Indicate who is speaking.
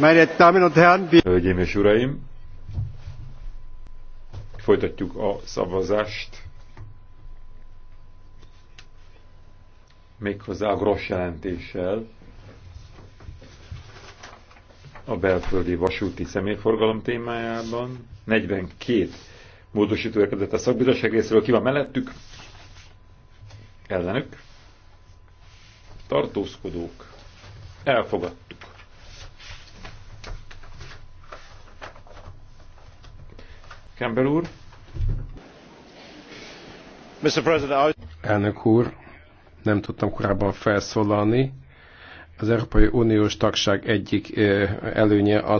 Speaker 1: Hölgyeim és
Speaker 2: Uraim! Folytatjuk a szavazást. Méghozzá a gross jelentéssel a belföldi vasúti személyforgalom
Speaker 3: témájában.
Speaker 2: 42 módosító érkezett a szakbizottság részéről. Ki van mellettük?
Speaker 4: Ellenük. Tartózkodók.
Speaker 5: Elfogadtuk.
Speaker 6: Mr. President, Elnök úr, nem tudtam korábban felszólalni. Az Európai Uniós tagság egyik előnye az,